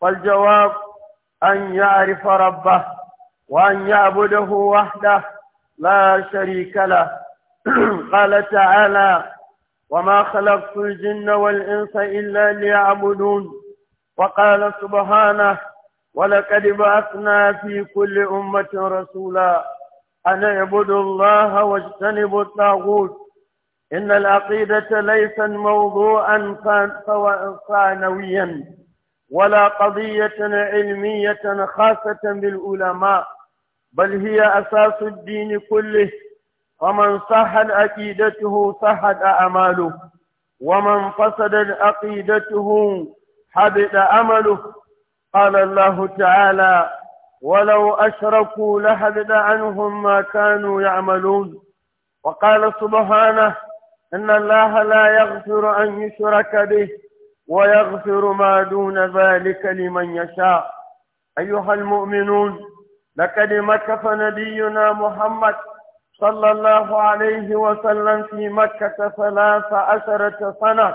فالجواب أن يعرف ربه وأن يعبده وحده لا شريك له قال تعالى وما خلقت الجن والإنس إلا ليعبدون وقال سبحانه ولقد بعثنا في كل أمة رسولا أن اعبدوا الله واجتنبوا الطاغوت إن العقيدة ليس موضوعا ثانويا ولا قضية علمية خاصة بالعلماء بل هي أساس الدين كله ومن صحت عقيدته صحت أعماله ومن فسدت عقيدته حبط عمله قال الله تعالى ولو أشركوا لحبط عنهم ما كانوا يعملون وقال سبحانه إن الله لا يغفر أن يشرك به ويغفر ما دون ذلك لمن يشاء أيها المؤمنون لقد مكث نبينا محمد صلى الله عليه وسلم في مكة ثلاث عشرة سنة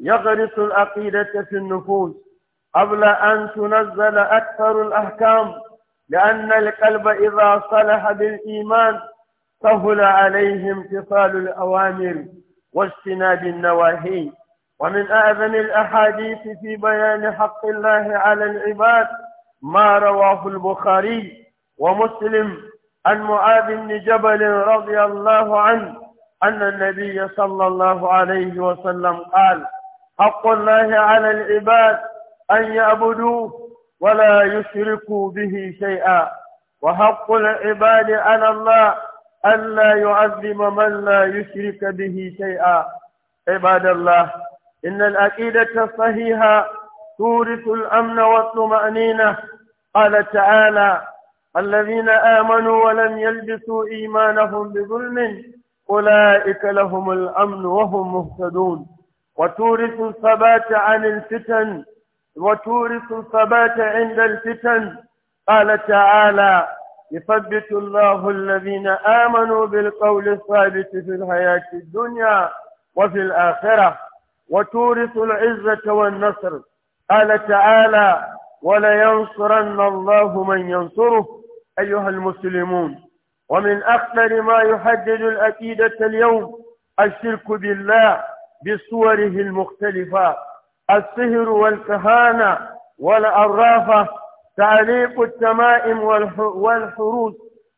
يغرس العقيدة في النفوس قبل أن تنزل أكثر الأحكام لأن القلب إذا صلح بالإيمان سهل عليه امتصال الأوامر واجتناب النواهي ومن أعظم الأحاديث في بيان حق الله على العباد ما رواه البخاري ومسلم عن معاذ بن جبل رضي الله عنه أن النبي صلى الله عليه وسلم قال حق الله على العباد أن يعبدوه ولا يشركوا به شيئا وحق العباد على الله أن لا يعذب من لا يشرك به شيئا عباد الله إن العقيدة الصحيحة تورث الأمن والطمأنينة قال تعالى الذين آمنوا ولم يلبسوا إيمانهم بظلم أولئك لهم الأمن وهم مهتدون وتورث الثبات عن الفتن وتورث الثبات عند الفتن قال تعالى يثبت الله الذين آمنوا بالقول الثابت في الحياة الدنيا وفي الآخرة وتورث العزة والنصر قال تعالى ولينصرن الله من ينصره أيها المسلمون ومن أخطر ما يحدد الأكيدة اليوم الشرك بالله بصوره المختلفة السهر والكهانة والأرافة تعليق التمائم والحروس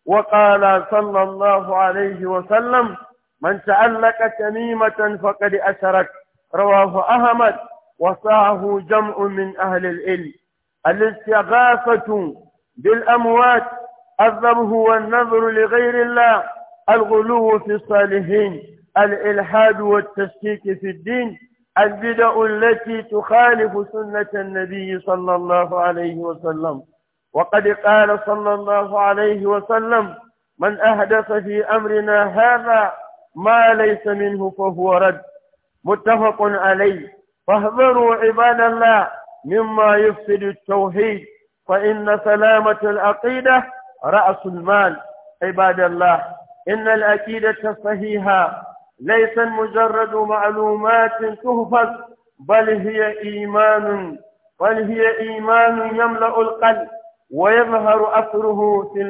وقال صلى الله عليه وسلم من تعلق تميمة فقد أشرك رواه أحمد وصاه جمع من أهل العلم الاستغاثة بالأموات الذبح والنذر لغير الله الغلو في الصالحين الإلحاد والتشكيك في الدين البدع التي تخالف سنة النبي صلى الله عليه وسلم وقد قال صلى الله عليه وسلم من أحدث في أمرنا هذا ما ليس منه فهو رد متفق عليه فاحذروا عباد الله مما يفسد التوحيد فإن سلامة العقيدة رأس المال عباد الله إن العقيدة الصحيحة ليس مجرد معلومات تهفز بل هي إيمان بل هي إيمان يملأ القلب ويظهر أثره في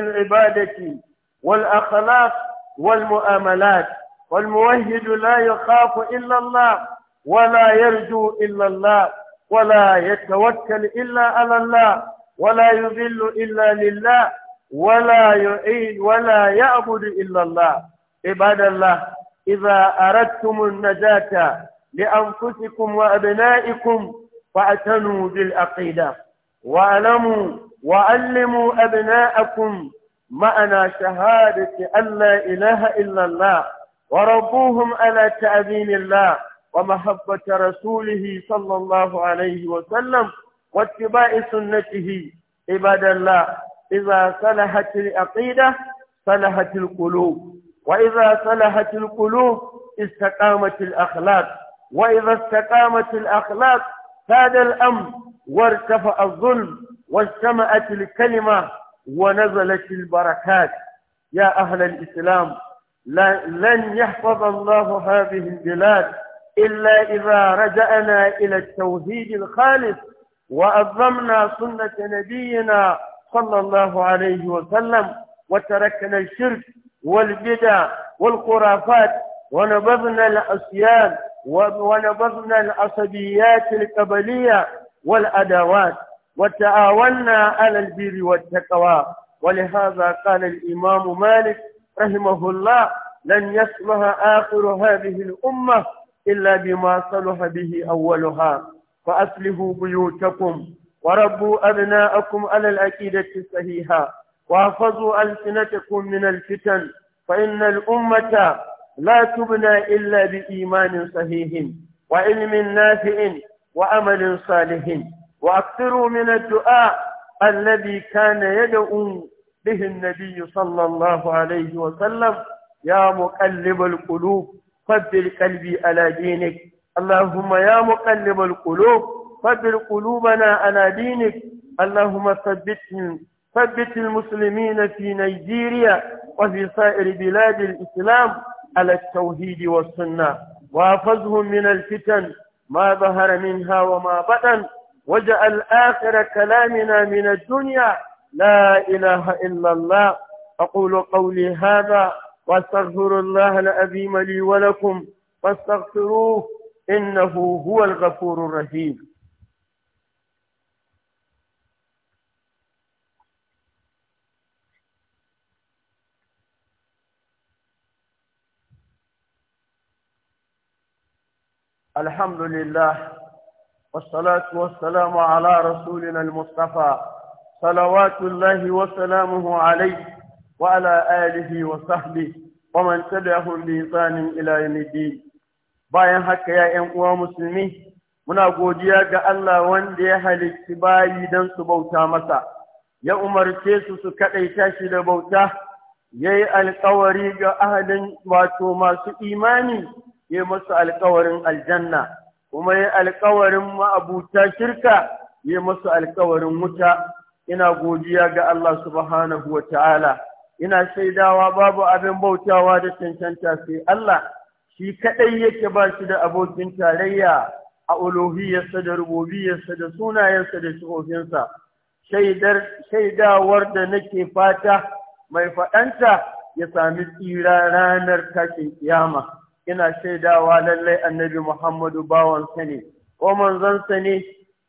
العبادة والأخلاق والمؤاملات والموهج لا يخاف إلا الله ولا يرجو إلا الله ولا يتوكل إلا على الله ولا يذل إلا لله ولا يعين ولا يعبد إلا الله عباد الله إذا أردتم النجاة لأنفسكم وأبنائكم فأتنوا بالعقيدة وألموا وعلموا أبناءكم معنى شهادة أن لا إله إلا الله وربوهم على تأذين الله ومحبة رسوله صلى الله عليه وسلم واتباع سنته عباد الله إذا صلحت العقيدة صلحت القلوب وإذا صلحت القلوب استقامت الأخلاق وإذا استقامت الأخلاق ساد الأمر وارتفع الظلم واجتمعت الكلمة ونزلت البركات يا أهل الإسلام لن يحفظ الله هذه البلاد إلا إذا رجعنا إلى التوحيد الخالص وأظمنا سنة نبينا صلى الله عليه وسلم وتركنا الشرك والبدع والخرافات ونبذنا العصيان ونبذنا العصبيات القبلية والأدوات وتعاوننا على البر والتقوى ولهذا قال الإمام مالك رحمه الله لن يصلح آخر هذه الأمة إلا بما صلح به أولها فأصلحوا بيوتكم وربوا أبناءكم على الأكيدة الصحيحة واحفظوا ألسنتكم من الفتن فإن الأمة لا تبنى إلا بإيمان صحيح وعلم نافع وعمل صالح وأكثروا من الدعاء الذي كان يدعو به النبي صلى الله عليه وسلم يا مقلب القلوب فضل قلبي على دينك اللهم يا مقلب القلوب فضل قلوبنا على دينك اللهم ثبت ثبت المسلمين في نيجيريا وفي سائر بلاد الإسلام على التوحيد والسنة وافزهم من الفتن ما ظهر منها وما بطن وجعل آخر كلامنا من الدنيا لا إله إلا الله أقول قولي هذا وأستغفر الله العظيم لي ولكم فاستغفروه إنه هو الغفور الرحيم الحمد لله والصلاة والسلام على رسولنا المصطفى صلوات الله وسلامه عليه وعلى آله وصحبه ومن تبعهم بإحسان إلى يوم الدين bayan haka ya ‘yan uwa musulmi muna godiya ga Allah wanda ya halicci bayi don su bauta masa ya umarce su su kaɗaita shi da bauta ya yi alkawari ga ahalin wato masu imani ya masu alkawarin aljanna kuma ya alkawarin ma'abuta shirka ya masu alkawarin wuta ina godiya ga Allah subhanahu wa ta'ala, ina shaidawa babu abin bautawa da cancanta sai Allah, shi kaɗai yake ba shi da abokin tarayya a ulohiyarsa da rububiyarsa da sunayensa da shigofinsa. Shaidawar da nake fata mai faɗanta ya sami tsira ranar tashin kiyama. Ina shaidawa lallai annabi Muhammadu bawansa ne, ko manzansa ne,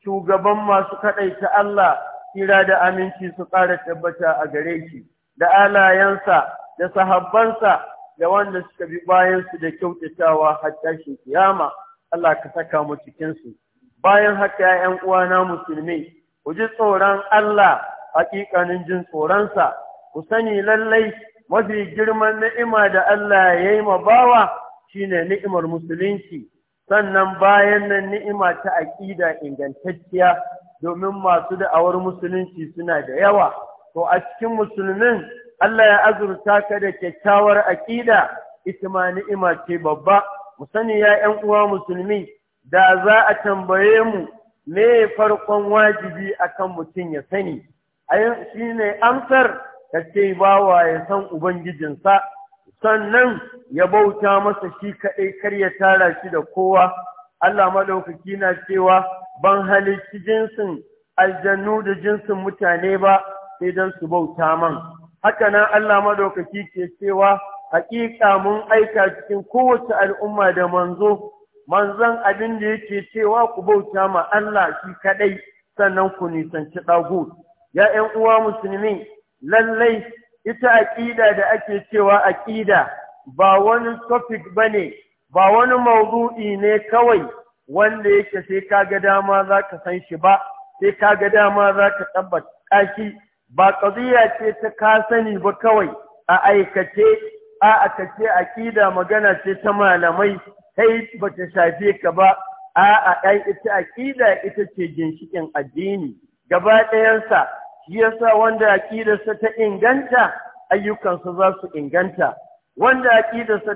shugaban masu kaɗaita Allah kira da aminci su ƙara tabbata a gare shi da alayensa da sahabbansa da wanda suka bi bayansu da kyautatawa har tashin kiyama Allah ka saka mu cikinsu bayan haka ‘ya'yan uwana musulmi ku ji tsoron Allah hakikanin jin tsoronsa ku sani lallai mafi girman ni'ima da Allah ya yi ma bawa shine ni'imar musulunci sannan bayan nan ni'ima ta aƙida ingantacciya domin masu da'awar musulunci suna da yawa to a cikin musulmin Allah ya azurta ka da kyakkyawar aƙida ita ma ni'ima ce babba mu sani ya 'yan uwa musulmi da za a tambaye mu me farkon wajibi akan mutum ya sani ayin shine amsar ta ce bawa ya san ubangijinsa sannan ya bauta masa shi kaɗai kar ya tara shi da kowa Allah maɗaukaki na cewa ban halicci jinsin aljannu da jinsin mutane ba sai don su bauta man haka nan Allah madaukaki ke cewa haƙiƙa mun aika cikin kowace al'umma da manzo manzon abin da yake cewa ku bauta ma Allah shi kaɗai sannan ku nisanci ɗagu Ya'yan uwa musulmi lallai ita aƙida da ake cewa aƙida ba wani topic ne. ba wani mawdu'i ne kawai wanda yake sai ka ga dama za ka san shi ba sai ka ga dama za ka tabbata shi ba ƙabiya ce ta kasani sani ba kawai a aikace a aƙida magana ce ta malamai kai ba ta shafe ka ba a a ɗan ita aƙida ita ce ginshiƙin addini gaba ɗayansa shi yasa wanda aƙidarsa ta inganta ayyukansa za su inganta wanda aƙidarsa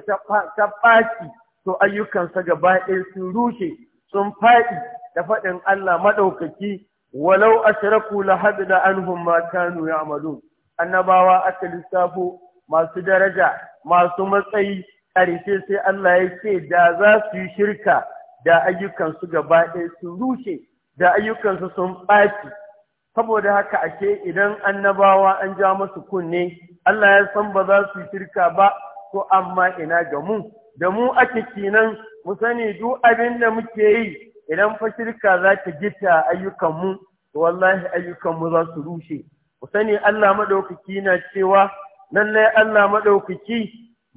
ta ɓaci to ayyukansa gaba ɗaya sun rushe sun faɗi da faɗin Allah maɗaukaki walau ashraku la habida anhum ma kanu Amadu. annabawa aka lissafo masu daraja masu matsayi ƙarshe sai Allah ya ce da za su yi shirka da ayyukansu gaba ɗaya sun rushe da ayyukansu sun ɓaci saboda haka ashe idan annabawa an ja masu kunne Allah ya san ba za su yi shirka ba to amma ina ga mu da mu ake kinan mu sani duk abin da muke yi idan fa shirka za ta gita ayyukanmu to wallahi ayyukanmu za su rushe Mu sani Allah madaukaki na cewa lallai Allah madaukaki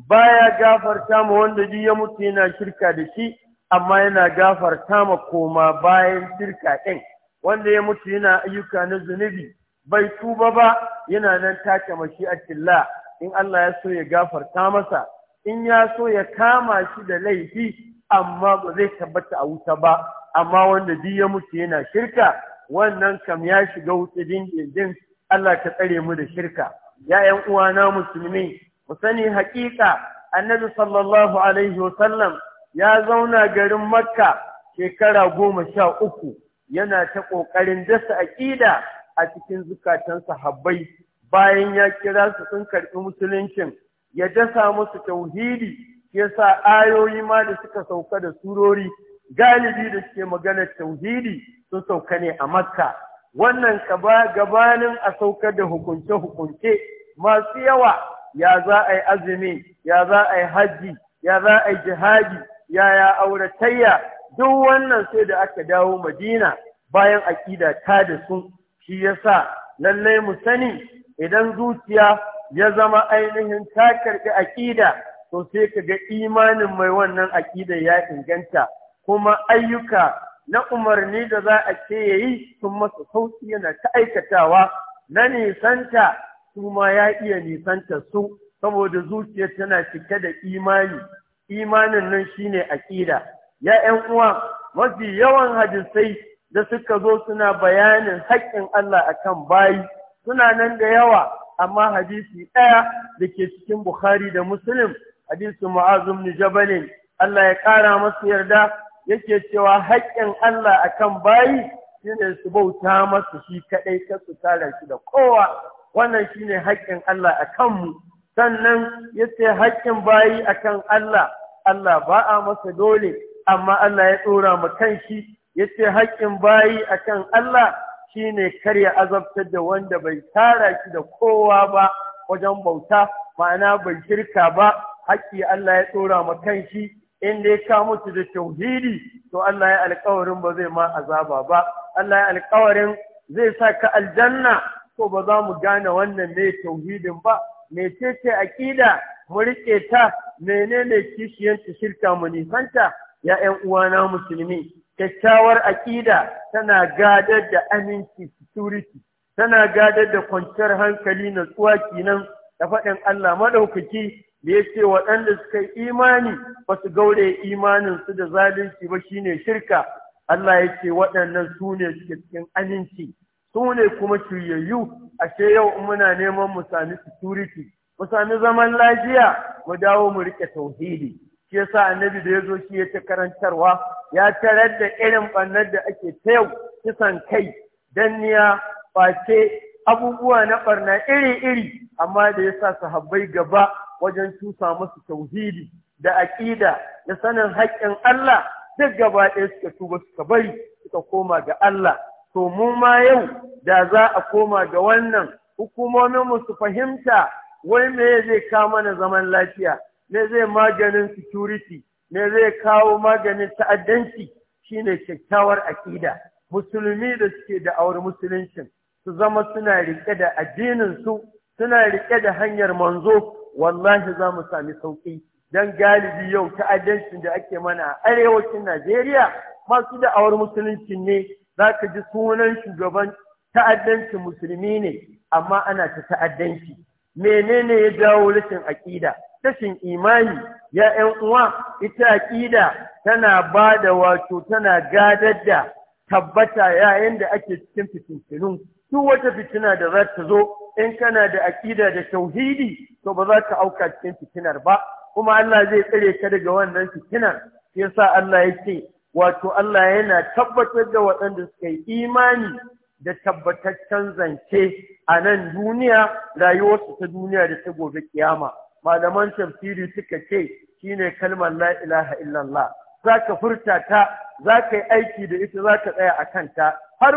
baya gafarta ma wanda ji ya mutu yana shirka da shi amma yana gafarta ma koma bayan shirka ɗin wanda ya mutu yana ayyuka na zunubi bai tuba ba yana nan take mashi'atillah in Allah ya so ya gafarta masa in ya so ya kama shi da laifi amma ba zai tabbata a wuta ba amma wanda duk ya mutu yana shirka wannan kam ya shiga wuta dindindin Allah ka tsare mu da shirka ya ƴan uwana musulmi mu sani haƙiƙa annabi sallallahu alaihi wa ya zauna garin makka shekara goma sha uku yana ta ƙoƙarin dasa aƙida a cikin zukatan sahabbai bayan ya kira su sun karɓi musuluncin ya dasa musu tauhidi yasa ayoyi ma da suka sauka da surori galibi da suke maganar tauhidi sun sauka ne a makka wannan gabanin a saukar da hukunce-hukunce masu yawa ya za a yi azumi ya za a yi hajji ya za a yi jihadi ya ya auratayya duk wannan sai da aka dawo madina bayan aƙida ta da su shi yasa lallai mu sani idan zuciya ya zama ainihin ta aƙida to sai ka ga imanin mai wannan aƙida ya inganta kuma ayyuka na umarni da za a ce ya yi sun masa sauƙi yana ta aikatawa na nisanta su ma ya iya nisanta su saboda zuciya tana cike da imani imanin nan shine aƙida ya ƴan uwa mafi yawan hadisai da suka zo suna bayanin haƙƙin Allah akan bayi suna nan da yawa amma hadisi ɗaya da ke cikin Bukhari da Muslim hadisi Mu'az ibn Jabal Allah ya ƙara masa yarda yake cewa haƙƙin Allah akan bayi shine su bauta masa shi kaɗai ka su tara shi da kowa wannan shine haƙƙin Allah akan mu sannan yace haƙƙin bayi akan Allah Allah ba a masa dole amma Allah ya ɗora mu kan shi yace haƙƙin bayi akan Allah Shi ne karya azabtar da wanda bai tara shi da kowa ba wajen bauta ma'ana bai shirka ba haƙƙi Allah ya tsora ma kan shi in dai ka mutu da tauhidi to Allah ya alƙawarin ba zai ma azaba ba Allah ya alƙawarin zai sa ka aljanna to ba za mu gane wannan mai tauhidin ba mecece aƙida mu riƙe ta menene kishiyanta shirka mu nisanta ya ƴan uwana musulmi kyakkyawar aƙida tana gadar da aminci security tana gadar da kwanciyar hankali na tsuwa kenan da faɗin Allah maɗaukaki da ya ce waɗanda suka yi imani ba su gaure su da zalunci ba shine shirka Allah ya ce waɗannan su ne cikin aminci su ne kuma shiryayyu ashe yau in muna neman mu sami security mu sami zaman lafiya mu dawo mu riƙe tauhidi shi yasa annabi da ya zo shi ya ta karantarwa ya tarar da irin ɓannar da ake ta yau kisan kai danniya face abubuwa na ɓarna iri-iri amma da ya sa sahabbai gaba wajen tusa musu tauhidi da aƙida da sanin haƙƙin Allah duk gaba ɗaya suka tuba suka bari suka koma ga Allah to mu ma yau da za a koma ga wannan hukumomin mu su fahimta wai me zai kama mana zaman lafiya ne zai maganin security me zai kawo maganin ta'addanci shine kyakkyawar aƙida musulmi da suke da aure musuluncin su zama suna riƙe da addinin su suna riƙe da hanyar manzo wallahi za mu sami sauƙi dan galibi yau ta'addancin da ake mana a arewacin Najeriya masu da aure musuluncin ne Za ka ji sunan shugaban ta'addancin musulmi ne amma ana ta ta'addanci menene ya jawo rashin aƙida tashin imani ya ‘yan uwa ita aƙida tana ba da wato tana gadar da tabbata yayin da ake cikin fitintinu duk wata fitina da za ta zo in kana da aƙida da tauhidi to ba za ka auka cikin fitinar ba kuma Allah zai tsare ka daga wannan fitinar sai yasa Allah ya ce wato Allah yana tabbatar da waɗanda suka yi imani da tabbataccen zance a nan duniya rayuwarsu ta duniya da ta gobe kiyama malaman tafsiri suka ce shine kalmar la ilaha illallah zaka furta ta zaka yi aiki da ita zaka tsaya a kanta har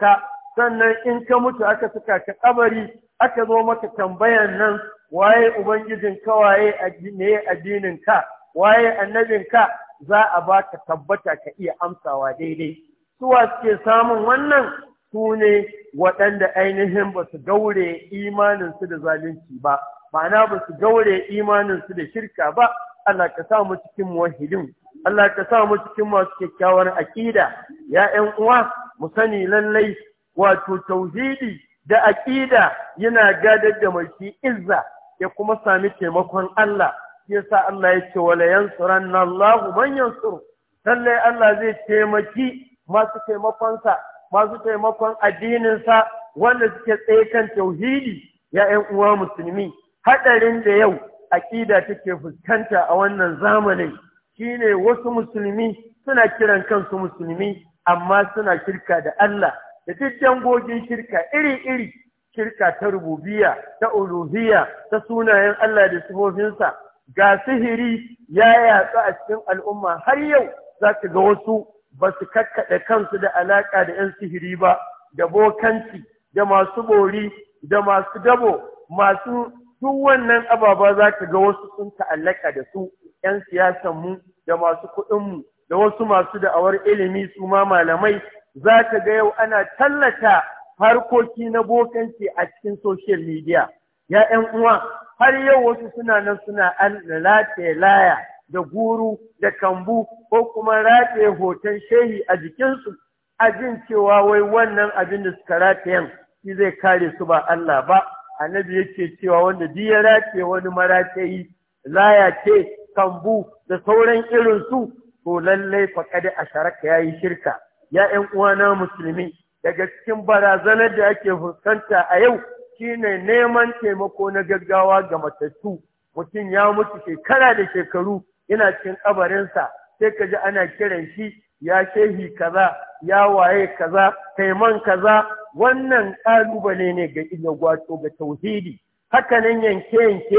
ka sannan in ka mutu aka suka ka kabari aka zo maka tambayan nan waye ubangijin ka waye ne addinin ka waye annabin ka za a baka tabbata ka iya amsawa daidai suwa suke samun wannan su ne waɗanda ainihin ba su gaure imaninsu da zalunci ba ma'ana ba su gaure imanin su da shirka ba Allah ka sa mu cikin muwahhidin Allah ka sa mu cikin masu kyakkyawar aqida ya ƴan uwa mu sani lallai wato tauhidi da aqida yana gadar da mai izza ya kuma sami taimakon Allah yasa Allah ya ce wala yansuranna Allahu man yansur lallai Allah zai taimaki masu taimakonsa masu taimakon addininsa wanda suke tsaye kan tauhidi ya uwa musulmi haɗarin da yau aƙida take fuskanta a wannan zamanin shine wasu musulmi suna kiran kansu musulmi amma suna shirka da Allah da duk kirka shirka iri-iri shirka ta rububiya ta uluhiyya ta sunayen Allah da sifofinsa ga sihiri ya yatsu a cikin al'umma har yau za ka ga wasu ba su kakkaɗe kansu da alaƙa da 'yan sihiri ba da bokanci da masu bori da masu dabo masu duk wannan ababa za ka ga wasu sun ta'allaka da su ‘yan siyasanmu da masu kuɗinmu da wasu masu da'awar ilimi su ma malamai za ka ga yau ana tallata harkoki na bokanci a cikin social media ya ‘yan uwa har yau wasu suna nan suna lataye laya da guru da kambu ko kuma rataye hoton shehi a jikinsu a jin cewa wai wannan abin da suka ratayen shi zai kare su ba Allah ba annabi yake cewa wanda duk ya race wani maratayi laya ce kambu da sauran irin su to lallai faqad asharaka yayi shirka ya uwa uwana musulmi daga cikin barazanar da ake fuskanta a yau shine neman taimako na gaggawa ga matattu mutum ya mutu shekara da shekaru Ina cikin kabarinsa sai ka ji ana kiran shi ya shehi kaza ya waye kaza kaiman kaza wannan ƙalubale ne ga iya gwato ga tauhidi haka nan yanke yanke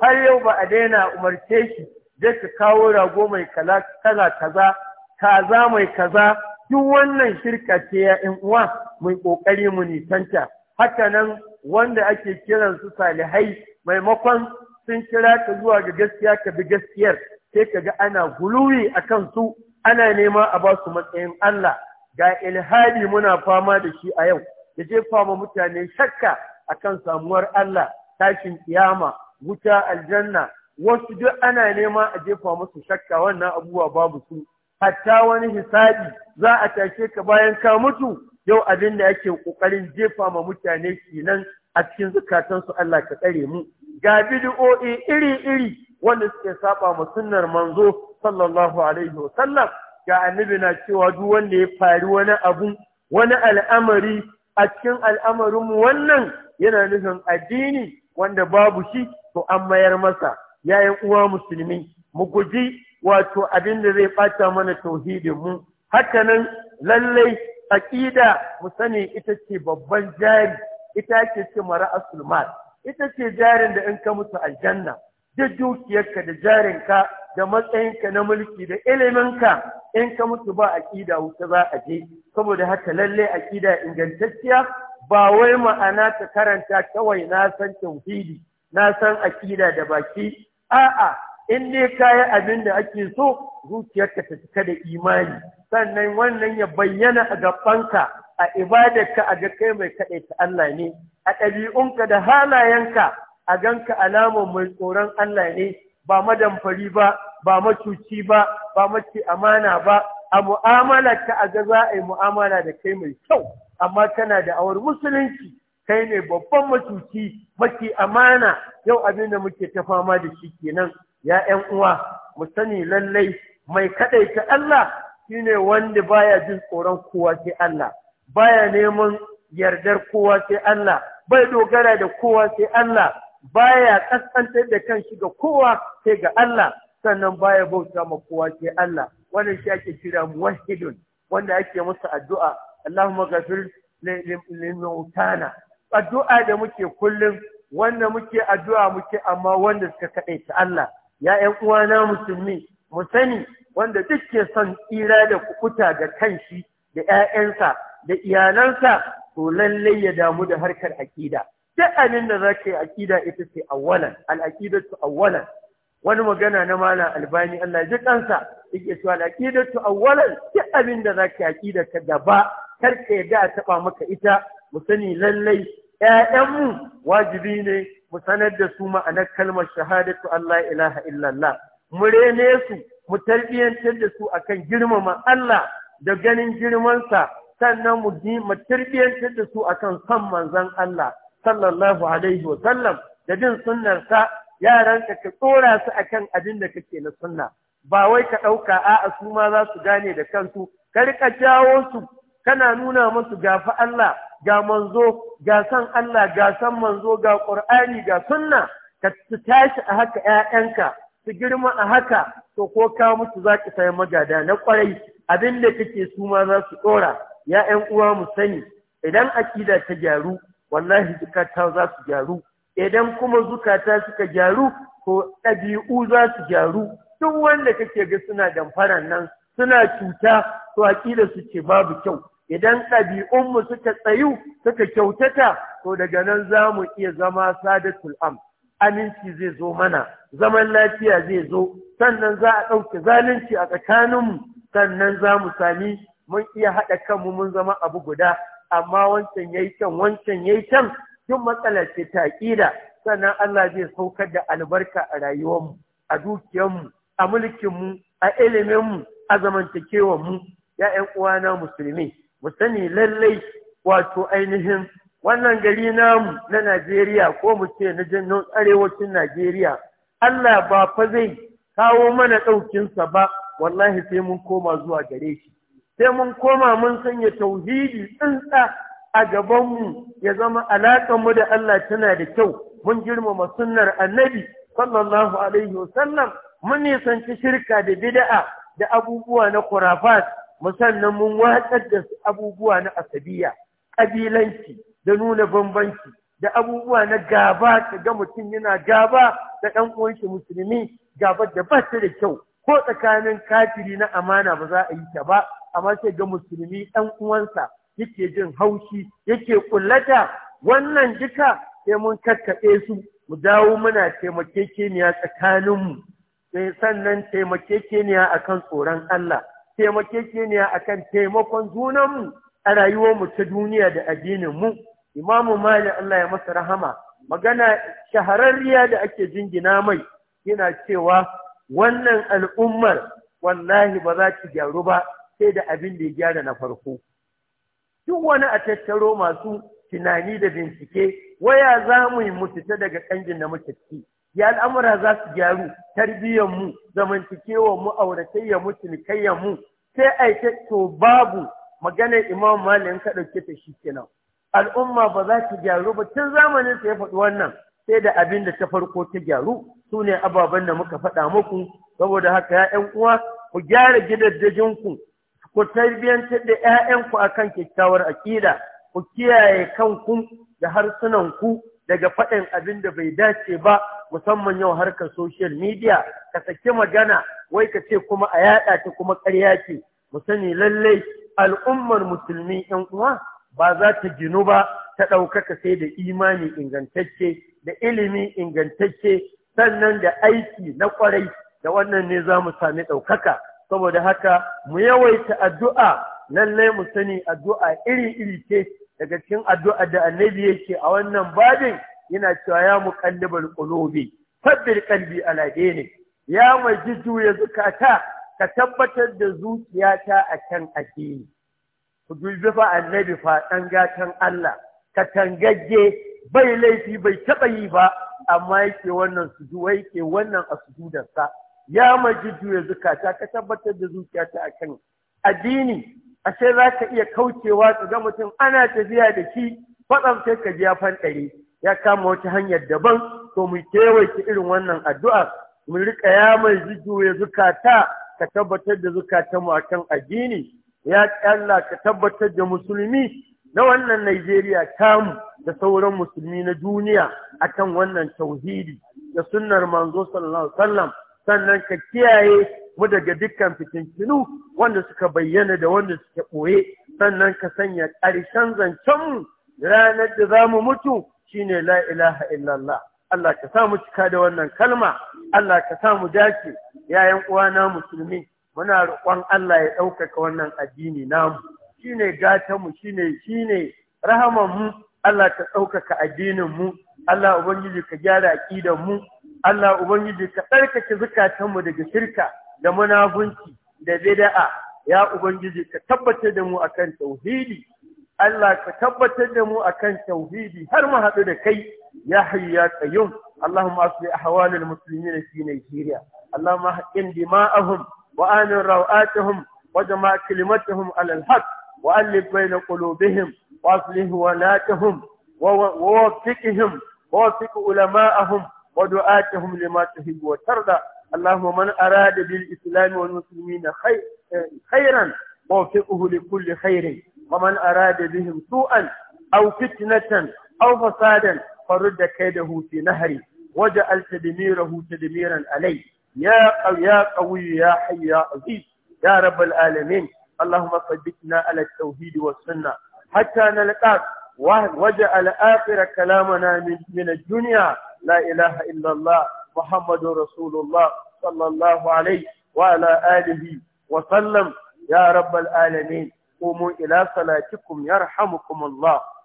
har yau ba a daina umarce shi da ka kawo rago mai kala kaza kaza mai kaza duk wannan shirka ce ya yan uwa mai kokari mu nisanta haka nan wanda ake kiran su salihai maimakon sun kira ta zuwa ga gaskiya ka bi gaskiyar sai kaga ana guluwi a kan su ana nema a ba su matsayin Allah ga ilhadi muna fama da shi a yau da jefa ma mutane shakka a kan samuwar Allah tashin kiyama wuta aljanna wasu duk ana nema a jefa musu shakka wannan abubuwa babu su hatta wani hisabi za a tashe ka bayan ka mutu yau abin da yake ƙoƙarin jefa ma mutane kenan a cikin zukatansu Allah ka tsare mu ga bid'o'i iri-iri wanda suke saba ma sunnar manzo sallallahu alaihi wa ga annabi na cewa duk wanda ya fari wani abu wani al'amari a cikin al'amarin wannan yana nufin addini wanda babu shi to an mayar masa yayin uwa musulmi mu guji wato abin da zai ɓata mana tauhidin mu haka nan lallai aqida mu sani ita ce babban jari ita ce ce mara asulmat ita ce jarin da in ka mutu aljanna duk dukiyarka da jarinka da matsayinka na mulki da iliminka in ka mutu ba aƙida wuta za a je saboda haka lalle aƙida ingantacciya ba wai ma'ana ta karanta kawai na san tauhidi na san aƙida da baki a'a in ne kayi abin da ake so dukiyarka ta cika da imani sannan wannan ya bayyana a gabanka a ibadarka a ga kai mai kaɗai ta Allah ne, a ɗabi'unka da halayenka a ganka alamar mai tsoron Allah ne, ba madamfari ba, ba macuci ba, ba mace amana ba, a mu'amalarka a ga za a yi mu'amala da kai mai kyau, amma kana da awar musulunci, kai ne babban macuci, mace amana, yau abin da muke ta fama da shi kenan, ya ‘yan uwa, mu sani lallai mai kaɗai ta Allah ne wanda baya jin tsoron kowa sai Allah. baya neman yardar kowa sai Allah bai dogara da kowa sai Allah baya kaskantar da kanshi ga kowa sai ga Allah sannan baya bauta ma kowa sai Allah wannan shi ake kira muwahhidun wanda ake masa addu'a Allahumma ghafir limautana addu'a da muke kullum wanda muke addu'a muke amma wanda suka ta Allah ya uwa uwana musulmi mu sani wanda duk ke son tsira da kukuta da kanshi da 'ya'yansa da iyalansa to lallai ya damu da harkar aƙida duk abin da za ka yi aƙida ita ce awwalan al'aqidatu awwalan wani magana na mala albani Allah ji kansa yake cewa al'aqidatu awwalan duk abin da za ka yi aƙida ka gaba kar ka yarda a taɓa maka ita mu sani lallai Ya'yanmu wajibi ne mu sanar da su ma'anar kalmar shahadatu Allah ilaha illallah mu rene su mu tarbiyyantar da su akan girmama Allah da ganin girmansa sannan mu mu tarbiyyantar da su akan san manzon Allah sallallahu alaihi wa sallam da jin sunnarsa yaran ka ka tsora su akan abin da kake na sunna ba wai ka ɗauka a'a su ma za su gane da kansu ka jawo su kana nuna musu ga fa Allah ga manzo ga san Allah ga san manzo ga Qur'ani ga sunna ka su tashi a haka 'ya'yanka su girma a haka to ko ka mutu za ki sayi magada na kwarai abin da kake su ma za su ɗora ya 'yan uwa mu sani idan aƙida ta gyaru wallahi zukata za su gyaru idan kuma zukata suka gyaru ko ɗabi'u za su gyaru duk wanda kake ga suna damfaran nan suna cuta to aƙida su ce babu kyau idan ɗabi'unmu suka tsayu suka kyautata to daga nan za mu iya zama sadatul am aminci zai zo mana zaman lafiya zai zo sannan za a ɗauke zalunci a tsakaninmu sannan za mu sami mun iya haɗa kanmu mun zama abu guda amma wancan yayi can wancan yayi can duk matsalar ce ta aƙida sannan Allah zai saukar da albarka a rayuwarmu a dukiyarmu a mulkinmu a iliminmu a zamantakewarmu ya ƴan uwana musulmi mu sani lallai wato ainihin wannan gari namu na Najeriya ko mu ce na jannon arewacin Najeriya Allah ba fa zai kawo mana ɗaukinsa ba wallahi sai mun koma zuwa gare shi sai mun koma mun sanya tauhidi tsinsa a gabanmu ya zama mu da Allah tana da kyau mun girmama sunnar annabi sallallahu alaihi wasallam mun nisanci shirka da bid'a da abubuwa na kurafat musannan mun watsar da abubuwa na asabiya ƙabilanci da nuna bambanci da abubuwa na gaba ka ga mutum yana gaba da ɗan uwanshi musulmi gaba da ba da kyau ko tsakanin kafiri na amana ba za a yi ta ba amma sai ga musulmi ɗan uwansa yake jin haushi yake kullata wannan duka sai mun kakkaɓe su mu dawo muna taimakekeniya tsakaninmu sai eh, sannan taimakekeniya akan tsoron Allah taimakekeniya akan taimakon junanmu a mu ta duniya da addininmu imamu mali Allah ya masa rahama magana shahararriya da ake jingina mai yana cewa wannan al'ummar wallahi ba za ta gyaru ba sai da abin da ya gyara na farko duk wani a tattaro masu tunani da bincike waya za mu yi mututa daga ƙangin da muke ciki ya al'amura za su gyaru tarbiyyar mu zamantakewar mu auratayyar mu cinikayyar mu sai a yi to babu maganar imam malin ka ɗauke ta shi kenan al'umma ba za ta gyaru ba tun zamanin sa ya faɗi wannan sai da abin da ta farko ta gyaru su ne ababen da muka faɗa muku saboda haka ya uwa ku gyara gidajen ku tarbiyyantar da 'ya'yanku akan kyakkyawar aƙida ku kiyaye kanku da harsunanku daga faɗin abin da bai dace ba musamman yau harkar social media ka saki magana wai ka ce kuma a yaɗa ta kuma ƙarya ce mu sani lallai al'ummar musulmi 'yan uwa ba za ta ginu ba ta ɗaukaka sai da imani ingantacce da ilimi ingantacce sannan da aiki na ƙwarai da wannan ne za mu sami ɗaukaka saboda haka mu yawaita addu'a lallai mu sani addu'a iri-iri ce daga cikin addu'a da annabi yake a wannan babin yana cewa ya mu muqallibal qulubi tabbir qalbi ala ne. ya mai ya zukata ka tabbatar da zuciyata a kan addini ku dubi fa annabi fa dan gatan Allah ka tangagge bai laifi bai taɓa yi ba amma yake wannan sujuwa yake wannan a sujudarsa ya mai juya zukata ka tabbatar da zuciyata kan addini A sai za ka iya kaucewa su ga mutum ana tafiya da shi faɗan sai ka ji ya ya kama wata hanyar daban to mu kewaye irin wannan addu'a mu rika ya mai jujjuya zukata ka tabbatar da zukatan mu akan addini ya Allah ka tabbatar da musulmi na wannan Najeriya tamu da sauran musulmi na duniya akan wannan tauhidi da sunnar manzo sallallahu alaihi wasallam sannan ka kiyaye mu daga dukkan fitintinu wanda suka bayyana da wanda suke ɓoye sannan ka sanya ƙarshen zancenmu ranar da za mu mutu shine la ilaha illallah Allah ka sa mu cika da wannan kalma Allah ka sa mu dace yayan uwana musulmi muna roƙon Allah ya ɗaukaka wannan addini namu shine gatanmu mu shine shine mu Allah ka ɗaukaka addinin mu Allah ubangiji ka gyara aƙidan mu Allah Ubangiji ka tsarkake mu daga shirka da munafunci da bida'a. ya Ubangiji ka tabbatar da mu akan tauhidi Allah ka tabbatar da mu akan tauhidi har mu haɗu da kai ya hayyu ya qayyum Allahumma asli ahwalal muslimina fi Nigeria Allahumma haqqin dima'ahum wa amin rawatihim wa jama' kalimatuhum ala al-haq wa alif bayna qulubihim wa aslih walatihim wa ووفقهم ووفق علماءهم ودعاتهم لما تحب وترضى اللهم من أراد بالإسلام والمسلمين خيرا ووفقه لكل خير ومن أراد بهم سوءا أو فتنة أو فسادا فرد كيده في نهري وجعل تدميره تدميرا عليه يا قوي يا قوي يا حي يا عزيز يا رب العالمين اللهم ثبتنا على التوحيد والسنة حتى نلقاك وجعل آخر كلامنا من, من الدنيا لا إله إلا الله محمد رسول الله صلى الله عليه وعلى آله وسلم يا رب العالمين قوموا إلى صلاتكم يرحمكم الله